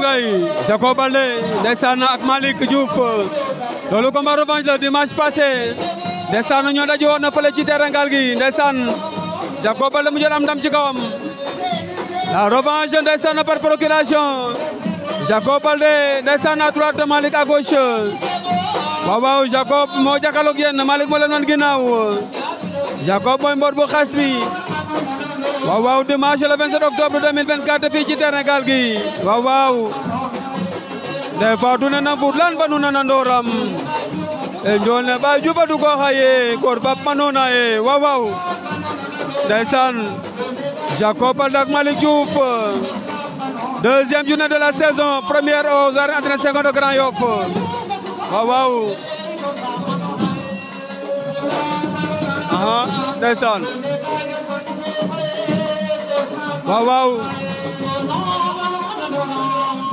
Gueye Jacob Baldé ndeysaan ak Malick Diouf loolu combat revanche la dimanche passé ndeysaan ñoo daje na fële ci terrain Gaal gi ndeysaan Jacob Baldé mu am ndam ci kawam la revanche par procuration Jacob Baldé ndeysaan à droite Malick à gauche waaw waaw moo jàkkaarloog yéen Malick moo leen wan ginnaaw Jacob mooy mbor bu xas Waouh, dimanche le 27 octobre 2024 fii ci waouh. Wow, Gui waaw na fut lan banuna na ndoram e pas ba nous du ko xaye gor ba manona Jacob Aldak Malick deuxième journée de la saison première aux arènes seconde de Grand Yoff waouh. ah. waaw waaw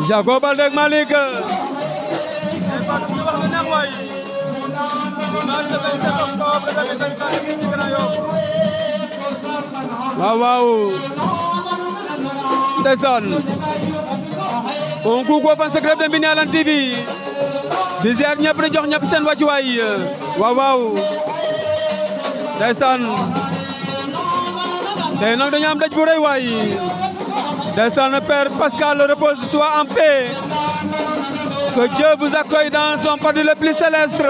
Jago Baldé ak Malick waaw waaw ndeysaan konku ko fan secret de Mbine Yalane TV di ziar ñëpp di jox ñëpp seen wàccuwaay waaw waaw ndeysaan tey nag dañu am daj bu rëy waay ndeysaan père Pascal repose-toi en paix que Dieu vous accueille dans son paradis le plus céleste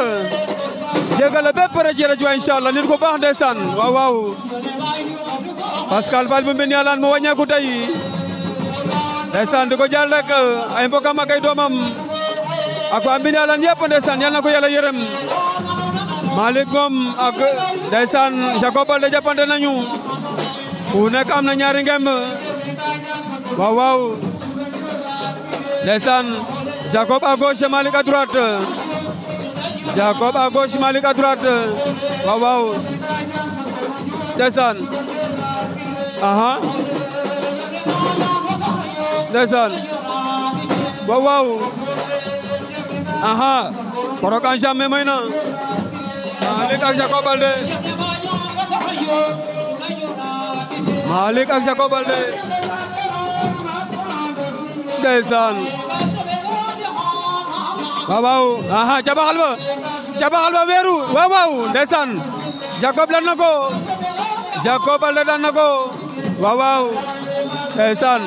jégal bépp rëjërëj wa inchallah nit ku baax ndeysaan waaw waaw Pascal bu mbi ni alaan mu wàññeeku tey ndeysaan di ko jàll rek ay mbokam ak ak waa mbi ni alaan yëpp ndeysaan yal na ko yàlla yërëm Malick Ngom ak ndeysaan Jacob Baldé jàppante nañu ku nekk am na ñaari ngemb waaw waaw ndeysaan Jacob à gauche Malick à droite Jacob à gauche Malick à droite waaw waaw ndeysaan aha ndeysaan waaw waaw aha korok en jambe may na Malick ak Jacob Baldé Malik ak Jacob Baldé ndeysaan waaw waaw aha cabaxal ba cabaxal ba weeru waaw waaw ndeysaan Jacob daan na ko Jacob Baldé daan na ko waaw waaw ndeysaan